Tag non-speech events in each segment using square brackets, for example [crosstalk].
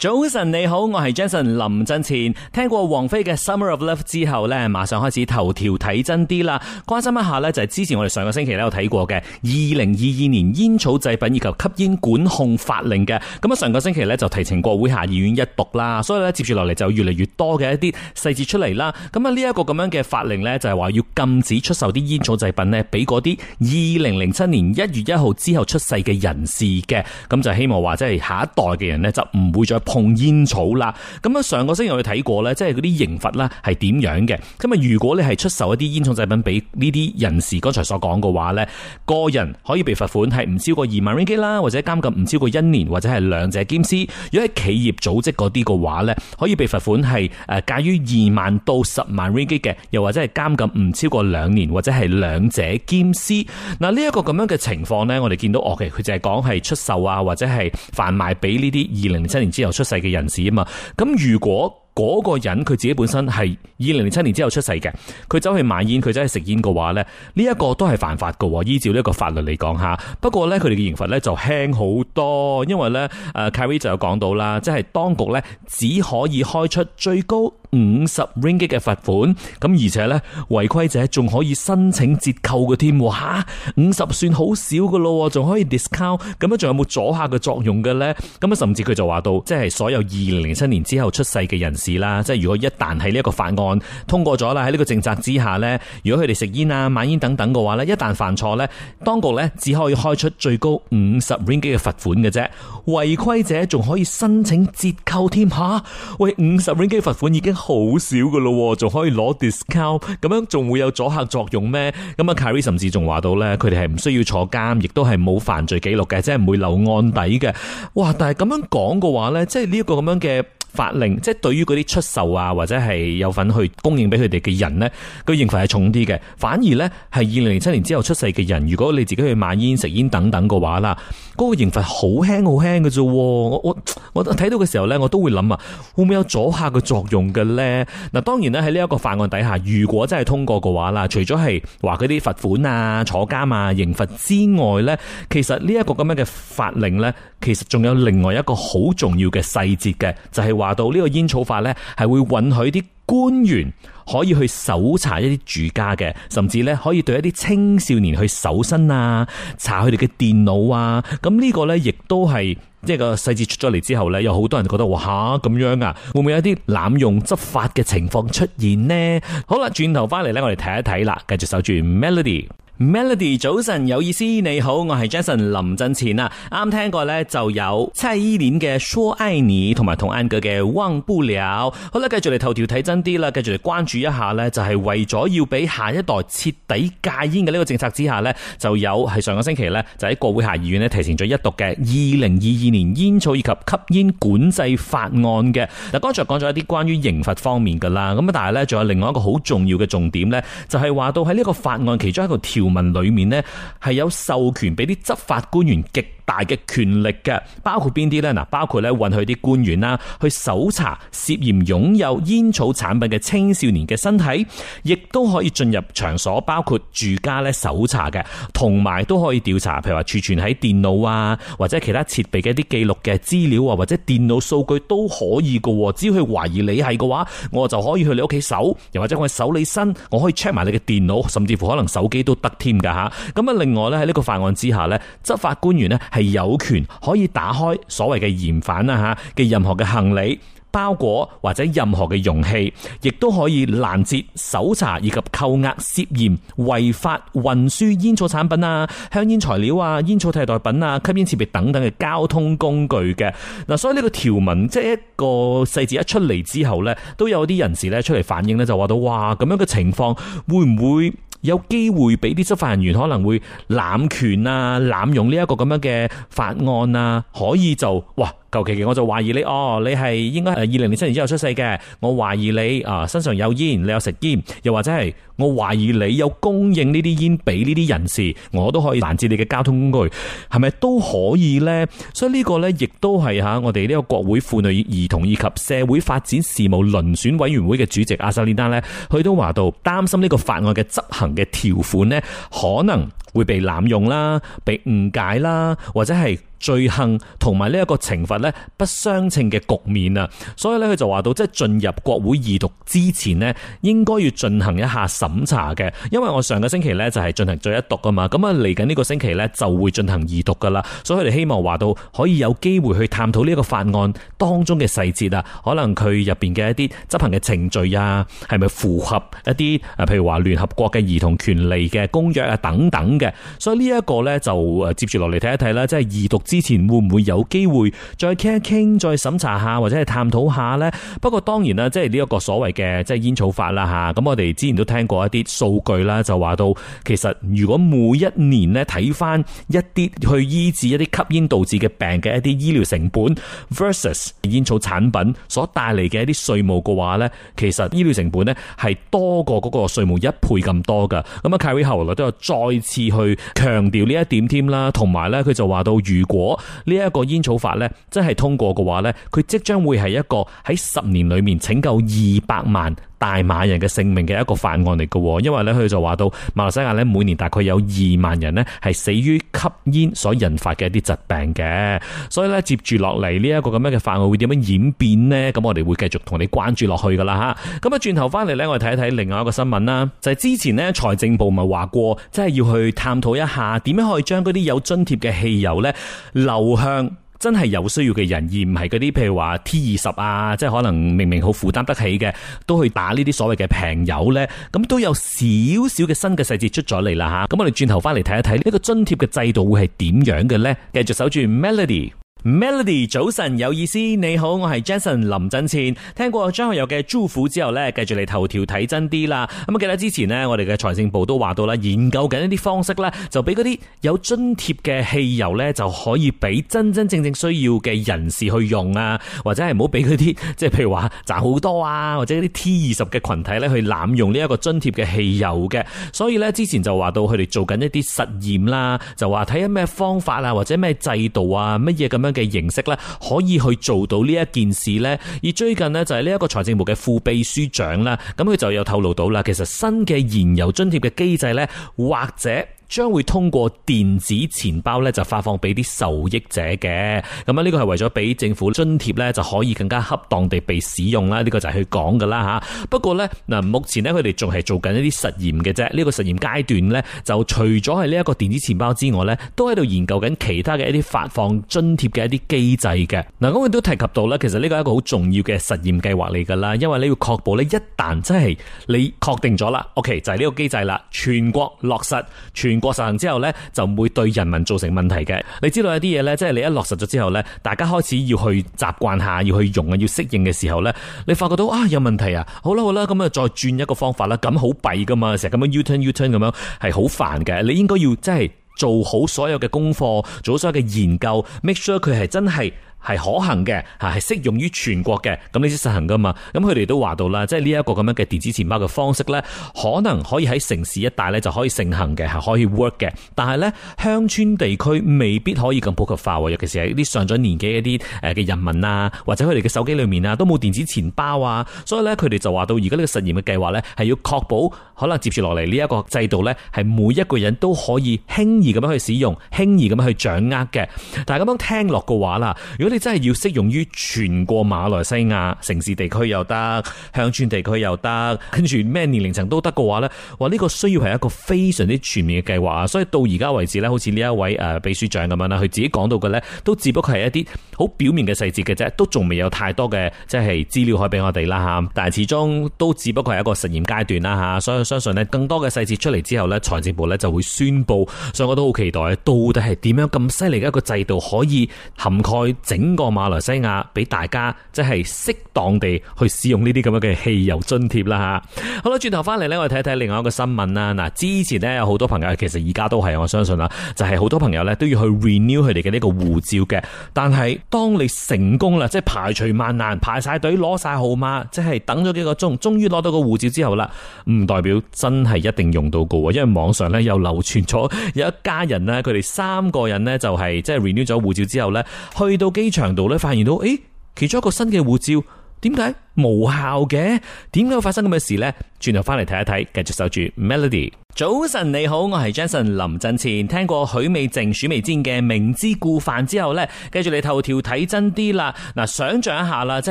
早晨你好，我係 Jason 林振前。聽過王菲嘅《Summer of Love》之後呢，馬上開始頭條睇真啲啦。關心一下呢，就係之前我哋上個星期咧有睇過嘅《二零二二年煙草製品以及吸煙管控法令》嘅。咁啊，上個星期呢，就提呈國會下議院一讀啦。所以呢，接住落嚟就有越嚟越多嘅一啲細節出嚟啦。咁啊，呢一個咁樣嘅法令呢，就係話要禁止出售啲煙草製品呢，俾嗰啲二零零七年一月一號之後出世嘅人士嘅。咁就希望話即係下一代嘅人呢，就唔會再。控煙草啦，咁啊上個星期我哋睇過呢，即係嗰啲刑罰啦係點樣嘅？咁啊如果你係出售一啲煙草製品俾呢啲人士，剛才所講嘅話呢，個人可以被罰款係唔超過二萬 ringgit 啦，或者監禁唔超過一年，或者係兩者兼施。如果喺企業組織嗰啲嘅話呢，可以被罰款係誒介於二萬到十萬 ringgit 嘅，又或者係監禁唔超過兩年，或者係兩者兼施。嗱，呢一個咁樣嘅情況呢，我哋見到哦嘅，佢就係講係出售啊，或者係販賣俾呢啲二零七年之後。出世嘅人士啊嘛，咁如果嗰個人佢自己本身係二零零七年之後出世嘅，佢走去買煙，佢走去食煙嘅話呢，呢一個都係犯法嘅喎。依照呢個法律嚟講吓，不過呢，佢哋嘅刑罰呢就輕好多，因為呢誒，Carrie 就有講到啦，即係當局呢，只可以開出最高。五十 ringgit 嘅罰款，咁而且呢，違規者仲可以申請折扣嘅添喎吓，五十算好少嘅咯，仲可以 discount，咁樣仲有冇阻吓嘅作用嘅呢？咁樣甚至佢就話到，即係所有二零零七年之後出世嘅人士啦，即係如果一旦係呢一個法案通過咗啦，喺呢個政策之下呢，如果佢哋食煙啊、買煙等等嘅話呢，一旦犯錯呢，當局呢只可以開出最高五十 ringgit 嘅罰款嘅啫，違規者仲可以申請折扣添吓、啊，喂，五十 ringgit 嘅罰款已經。好少噶咯，仲可以攞 discount，咁樣仲會有阻嚇作用咩？咁啊，Carrie 甚至仲話到咧，佢哋係唔需要坐監，亦都係冇犯罪記錄嘅，即係唔會留案底嘅。哇！但係咁樣講嘅話咧，即係呢一個咁樣嘅。法令即係對於嗰啲出售啊，或者係有份去供應俾佢哋嘅人呢，個刑罰係重啲嘅。反而呢，係二零零七年之後出世嘅人，如果你自己去買煙食煙等等嘅話啦，嗰個刑罰好輕好輕嘅啫。我我我睇到嘅時候呢，我都會諗啊，會唔會有阻嚇嘅作用嘅呢？嗱，當然呢，喺呢一個法案底下，如果真係通過嘅話啦，除咗係話嗰啲罰款啊、坐監啊、刑罰之外呢，其實呢一個咁樣嘅法令呢，其實仲有另外一個好重要嘅細節嘅，就係、是。話到呢個煙草法呢，係會允許啲官員可以去搜查一啲住家嘅，甚至呢可以對一啲青少年去搜身啊，查佢哋嘅電腦啊。咁呢個呢，亦都係即係個細節出咗嚟之後呢，有好多人覺得哇，咁樣啊，會唔會有啲濫用執法嘅情況出現呢？好啦，轉頭翻嚟呢，我哋睇一睇啦，繼續守住 Melody。Melody，早晨，有意思，你好，我係 Jason 林振前啊，啱聽過咧就有淒戀嘅 Sure I y o 同埋同 Angle 嘅 Won 不了，好啦，繼續嚟頭條睇真啲啦，繼續嚟關注一下咧，就係為咗要俾下一代徹底戒煙嘅呢個政策之下咧，就有係上個星期咧就喺國會下議院咧提前咗一讀嘅二零二二年煙草以及吸煙管制法案嘅嗱，剛才講咗一啲關於刑罰方面噶啦，咁啊，但係咧仲有另外一個好重要嘅重點咧，就係、是、話到喺呢個法案其中一個條。民裏面咧係有授權俾啲執法官員極。大嘅權力嘅，包括邊啲咧？嗱，包括咧允許啲官員啦、啊、去搜查涉嫌擁有煙草產品嘅青少年嘅身體，亦都可以進入場所，包括住家咧搜查嘅，同埋都可以調查，譬如話儲存喺電腦啊或者其他設備嘅一啲記錄嘅資料啊，或者電腦數據都可以嘅、啊。只要佢懷疑你係嘅話，我就可以去你屋企搜，又或者我搜你身，我可以 check 埋你嘅電腦，甚至乎可能手機都得添㗎吓。咁啊，另外咧喺呢個法案之下咧，執法官員咧。係有權可以打開所謂嘅嫌犯啊、吓嘅任何嘅行李，包裹或者任何嘅容器，亦都可以攔截、搜查以及扣押涉嫌違法運輸煙草產品啊、香煙材料啊、煙草替代品啊、吸煙設備等等嘅交通工具嘅。嗱，所以呢個條文即係、就是、一個細節一出嚟之後呢，都有啲人士呢出嚟反映呢，就話到哇，咁樣嘅情況會唔會？有機會畀啲執法人員可能會濫權啊、濫用呢一個咁樣嘅法案啊，可以就哇！求其其，我就懷疑你哦，你係應該係二零零七年之後出世嘅，我懷疑你啊、呃、身上有煙，你有食煙，又或者係我懷疑你有供應呢啲煙俾呢啲人士，我都可以攔截你嘅交通工具，係咪都可以呢？所以呢個呢，亦都係吓我哋呢個國會婦女、兒童以及社會發展事務輪選委員會嘅主席阿薩利丹呢，佢都話到擔心呢個法案嘅執行嘅條款呢，可能。會被濫用啦、被誤解啦，或者係罪行同埋呢一個懲罰呢不相稱嘅局面啊！所以咧，佢就話到，即係進入國會二讀之前呢，應該要進行一下審查嘅。因為我上個星期呢，就係進行咗一讀啊嘛，咁啊嚟緊呢個星期呢，就會進行二讀噶啦，所以佢哋希望話到可以有機會去探討呢個法案當中嘅細節啊，可能佢入邊嘅一啲執行嘅程序啊，係咪符合一啲啊？譬如話聯合國嘅兒童權利嘅公約啊等等。嘅，所以呢一個呢，就誒接住落嚟睇一睇啦，即係二讀之前會唔會有機會再傾一傾，再審查下或者係探討下呢？不過當然啦，即係呢一個所謂嘅即係煙草法啦吓，咁、啊、我哋之前都聽過一啲數據啦，就話到其實如果每一年呢，睇返一啲去醫治一啲吸煙導致嘅病嘅一啲醫療成本 versus 煙草產品所帶嚟嘅一啲稅務嘅話呢，其實醫療成本呢，係多過嗰個稅務一倍咁多噶。咁啊 Carrie 後嚟都有再次。去強調呢一點添啦，同埋呢，佢就話到，如果呢一個煙草法呢真係通過嘅話，呢佢即將會係一個喺十年裡面拯救二百萬大馬人嘅性命嘅一個法案嚟嘅，因為咧佢就話到馬來西亞咧每年大概有二萬人呢係死於吸煙所引發嘅一啲疾病嘅，所以咧接住落嚟呢一個咁樣嘅法案會點樣演變呢？咁我哋會繼續同你關注落去噶啦吓，咁啊轉頭翻嚟咧，我哋睇一睇另外一個新聞啦，就係之前呢，財政部咪話過，即係要去探討一下點樣可以將嗰啲有津貼嘅汽油呢流向。真係有需要嘅人，而唔係嗰啲，譬如話 T 二十啊，即係可能明明好負擔得起嘅，都去打呢啲所謂嘅平友呢，咁都有少少嘅新嘅細節出咗嚟啦吓。咁、啊、我哋轉頭翻嚟睇一睇呢個津貼嘅制度會係點樣嘅呢？繼續守住 Melody。Mel Melody，早晨有意思，你好，我係 Jason 林振前。聽過張學友嘅祝福之後呢，繼續嚟頭條睇真啲啦。咁啊，記得之前呢，我哋嘅財政部都話到啦，研究緊一啲方式呢，就俾嗰啲有津貼嘅汽油呢，就可以俾真真正正需要嘅人士去用啊，或者係唔好俾嗰啲，即係譬如話賺好多啊，或者啲 T 二十嘅群體呢，去濫用呢一個津貼嘅汽油嘅。所以呢，之前就話到佢哋做緊一啲實驗啦，就話睇下咩方法啊，或者咩制度啊，乜嘢咁樣。嘅形式咧，可以去做到呢一件事咧，而最近咧就係呢一個財政部嘅副秘書長啦。咁佢就有透露到啦，其實新嘅燃油津貼嘅機制咧，或者，將會通過電子錢包咧，就發放俾啲受益者嘅。咁、嗯、啊，呢、這個係為咗俾政府津貼咧，就可以更加恰當地被使用啦。呢、這個就係佢講㗎啦吓。不過呢，嗱，目前呢，佢哋仲係做緊一啲實驗嘅啫。呢、這個實驗階段呢，就除咗係呢一個電子錢包之外呢，都喺度研究緊其他嘅一啲發放津貼嘅一啲機制嘅。嗱、嗯，我哋都提及到呢，其實呢個係一個好重要嘅實驗計劃嚟噶啦，因為你要確保呢，一旦真係你確定咗啦，OK，就係呢個機制啦，全國落實全過實行之後呢，就唔會對人民造成問題嘅。你知道有啲嘢呢，即係你一落實咗之後呢，大家開始要去習慣下，要去用啊，要適應嘅時候呢，你發覺到啊有問題啊，好啦好啦，咁啊再轉一個方法啦，咁好弊，噶嘛，成日咁樣 u turn u turn 咁樣係好煩嘅。你應該要真係做好所有嘅功課，做好所有嘅研究，make sure 佢係真係。係可行嘅，吓係適用於全國嘅，咁呢啲實行噶嘛？咁佢哋都話到啦，即係呢一個咁樣嘅電子錢包嘅方式呢，可能可以喺城市一帶呢就可以盛行嘅，係可以 work 嘅。但係呢，鄉村地區未必可以咁普及化喎，尤其是係啲上咗年紀一啲誒嘅人民啊，或者佢哋嘅手機裏面啊都冇電子錢包啊，所以呢，佢哋就話到而家呢個實驗嘅計劃呢，係要確保。可能接住落嚟呢一個制度呢，係每一個人都可以輕易咁樣去使用、輕易咁樣去掌握嘅。但係咁樣聽落嘅話啦，如果你真係要適用於全個馬來西亞城市地區又得，鄉村地區又得，跟住咩年齡層都得嘅話呢，話呢個需要係一個非常之全面嘅計劃啊。所以到而家為止呢，好似呢一位誒秘書長咁樣啦，佢自己講到嘅呢，都只不過係一啲好表面嘅細節嘅啫，都仲未有太多嘅即係資料可以俾我哋啦嚇。但係始終都只不過係一個實驗階段啦嚇，所以。相信咧，更多嘅細節出嚟之後咧，財政部咧就會宣布，所以我都好期待，到底係點樣咁犀利嘅一個制度，可以涵蓋整個馬來西亞，俾大家即係適當地去使用呢啲咁樣嘅汽油津貼啦嚇。好啦，轉頭翻嚟呢，我哋睇一睇另外一個新聞啦。嗱，之前呢，有好多朋友，其實而家都係我相信啦，就係好多朋友咧都要去 renew 佢哋嘅呢個護照嘅。但係當你成功啦，即係排除萬難，排晒隊攞晒號碼，即係等咗幾個鐘，終於攞到個護照之後啦，唔代表。真係一定用到嘅。因為網上咧又流傳咗有一家人咧，佢哋三個人咧就係、是、即係、就是、renew 咗護照之後咧，去到機場度咧，發現到誒，其中一個新嘅護照，點解？無效嘅，點解會發生咁嘅事呢？轉頭翻嚟睇一睇，繼續守住 Melody。早晨你好，我係 Jason 林振前。聽過許美靜、許美珍嘅明知故犯之後呢，跟住你頭條睇真啲啦。嗱、啊，想象一下啦，即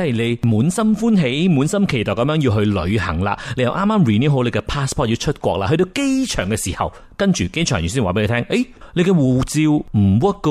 係你滿心歡喜、滿心期待咁樣要去旅行啦。你又啱啱 renew 好你嘅 passport 要出國啦。去到機場嘅時候，跟住機場人員先話俾你聽：，誒、欸，你嘅護照唔 work 嘅，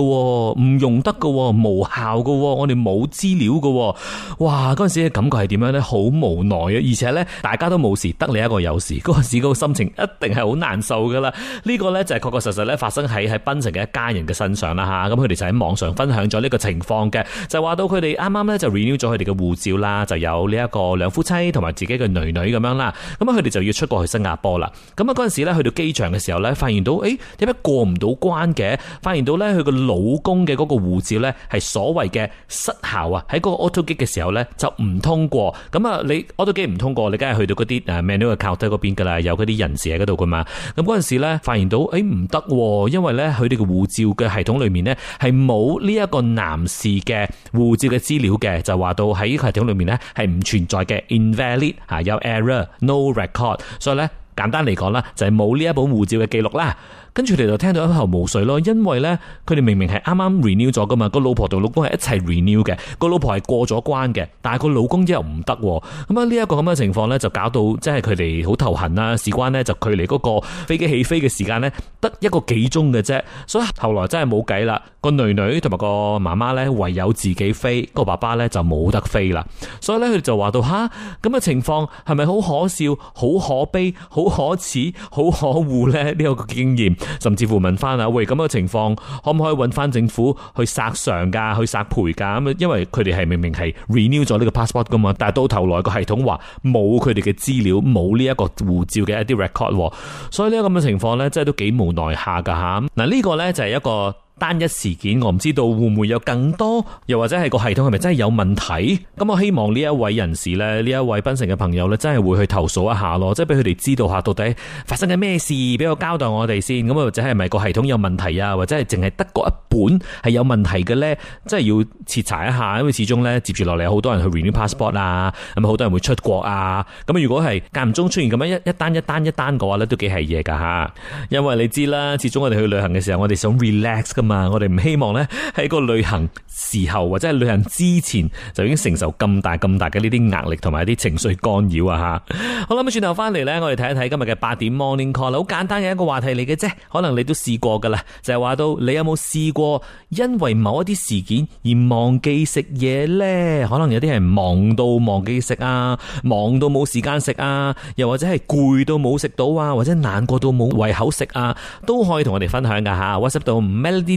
唔用得嘅、哦，冇效嘅、哦，我哋冇資料嘅、哦。哇，嗰陣時嘅感覺係點啊？好無奈啊，而且咧大家都冇事，得你一個有事，嗰陣時個心情一定係好難受噶啦。這個、呢個咧就係確確實實咧發生喺喺檳城嘅一家人嘅身上啦吓。咁佢哋就喺網上分享咗呢個情況嘅，就話到佢哋啱啱咧就 renew 咗佢哋嘅護照啦，就有呢一個兩夫妻同埋自己嘅女女咁樣啦。咁啊佢哋就要出過去新加坡啦。咁啊嗰陣時咧去到機場嘅時候咧，發現到誒點解過唔到關嘅？發現到咧佢個老公嘅嗰個護照咧係所謂嘅失效啊！喺嗰個 auto gate 嘅時候咧就唔通過。咁啊、嗯，你我都幾唔通過，你梗係去到嗰啲誒，Manual Account 嗰邊噶啦，有嗰啲人士喺嗰度噶嘛。咁嗰陣時咧，發現到誒唔得，因為咧佢哋啲護照嘅系統裏面咧係冇呢一個男士嘅護照嘅資料嘅，就話到喺呢個系統裏面咧係唔存在嘅 invalid 吓，In id, 有 error，no record。所以咧，簡單嚟講啦，就係冇呢一本護照嘅記錄啦。跟住你就聽到一頭霧水咯，因為呢，佢哋明明係啱啱 renew 咗噶嘛，個老婆同老公係一齊 renew 嘅，個老婆係過咗關嘅，但係個老公又唔得，咁啊呢一個咁嘅情況呢，就搞到即係佢哋好頭痕啦，事關呢，就距離嗰個飛機起飛嘅時間呢，得一個幾鐘嘅啫，所以後來真係冇計啦，個女女同埋個媽媽呢，唯有自己飛，個爸爸呢，就冇得飛啦，所以呢，佢哋就話到吓，咁嘅情況係咪好可笑、好可悲、好可恥、好可惡咧？惡呢、呢個經驗。甚至乎問翻啊，喂，咁嘅情況，可唔可以揾翻政府去索償㗎，去索賠㗎？咁因為佢哋係明明係 renew 咗呢個 passport 噶嘛，但係到頭來個系統話冇佢哋嘅資料，冇呢、這個、一個護照嘅一啲 record，所以呢個咁嘅情況咧，真係都幾無奈下噶嚇。嗱，呢個咧就係一個，單一事件，我唔知道會唔會有更多，又或者係個系統係咪真係有問題？咁我希望呢一位人士呢，呢一位檳城嘅朋友呢，真係會去投訴一下咯，即係俾佢哋知道下到底發生緊咩事，俾我交代我哋先。咁或者係咪個系統有問題啊？或者係淨係得嗰一本係有問題嘅呢？真係要徹查一下，因為始終呢接住落嚟好多人去 renew passport 啊，咁好多人會出國啊。咁如果係間唔中出現咁樣一一單一單一單嘅話呢，都幾係嘢噶吓。因為你知啦，始終我哋去旅行嘅時候，我哋想 relax。嗯、我哋唔希望呢喺個旅行時候或者係旅行之前就已經承受咁大咁大嘅呢啲壓力同埋啲情緒干擾啊吓。 [laughs] 好啦，咁轉頭翻嚟呢，我哋睇一睇今日嘅八點 morning call。好簡單嘅一個話題嚟嘅啫，可能你都試過噶啦，就係、是、話到你有冇試過因為某一啲事件而忘記食嘢呢？可能有啲係忙到忘記食啊，忙到冇時間食啊，又或者係攰到冇食到啊，或者難過到冇胃口食啊，都可以同我哋分享噶吓。WhatsApp 到 Melody